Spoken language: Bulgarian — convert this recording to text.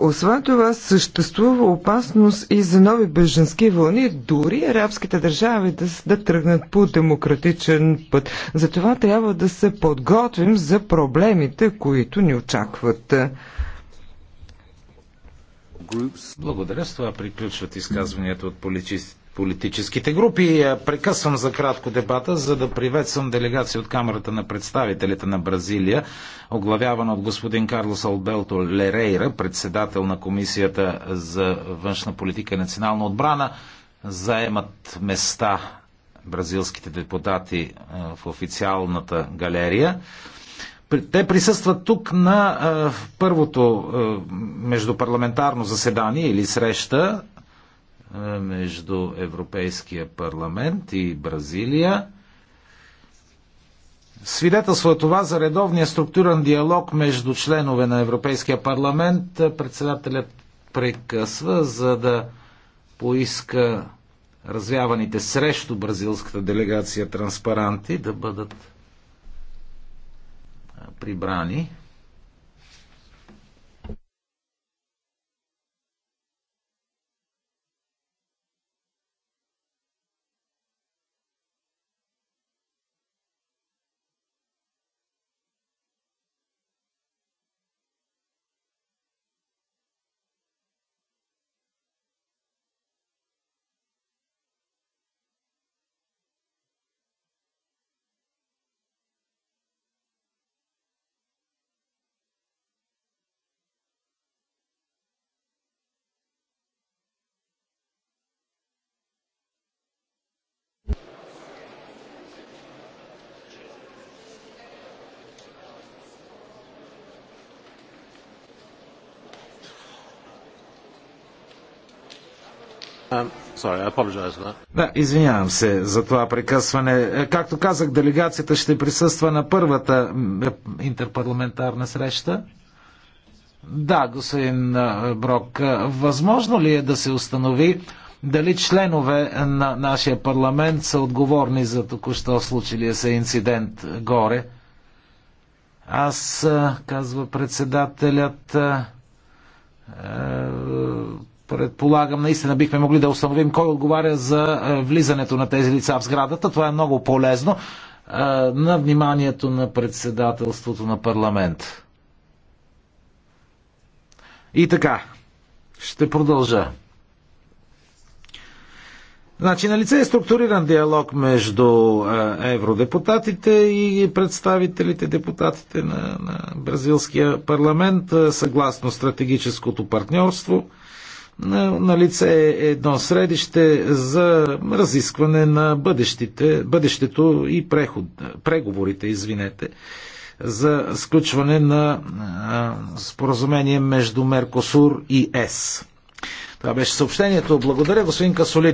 Освен това, съществува опасност и за нови беженски вълни, дори арабските държави да, да тръгнат по демократичен път. Затова трябва да се подготвим за проблемите, които ни очакват. Благодаря. С това приключват изказванията от политическите групи. Е, прекъсвам за кратко дебата, за да приветствам делегация от Камерата на представителите на Бразилия, оглавявана от господин Карлос Албелто Лерейра, председател на Комисията за външна политика и национална отбрана. Заемат места бразилските депутати е, в официалната галерия. Те присъстват тук на първото междупарламентарно заседание или среща между Европейския парламент и Бразилия. Свидетелство е това за редовния структурен диалог между членове на Европейския парламент. Председателят прекъсва, за да поиска развяваните срещу бразилската делегация транспаранти да бъдат прибрани Um, да, извинявам се за това прекъсване. Е, както казах, делегацията ще присъства на първата е, интерпарламентарна среща. Да, господин е, Брок, възможно ли е да се установи дали членове на нашия парламент са отговорни за току-що случилия се инцидент горе? Аз, казва председателят, предполагам, наистина бихме могли да установим кой отговаря за е, влизането на тези лица в сградата. Това е много полезно е, на вниманието на председателството на парламент. И така, ще продължа. Значи на лице е структуриран диалог между е, евродепутатите и представителите, депутатите на, на бразилския парламент, съгласно стратегическото партньорство на, лице е едно средище за разискване на бъдещите, бъдещето и преход, преговорите, извинете, за сключване на а, споразумение между Меркосур и ЕС. Това беше съобщението. Благодаря, господин Касолиди.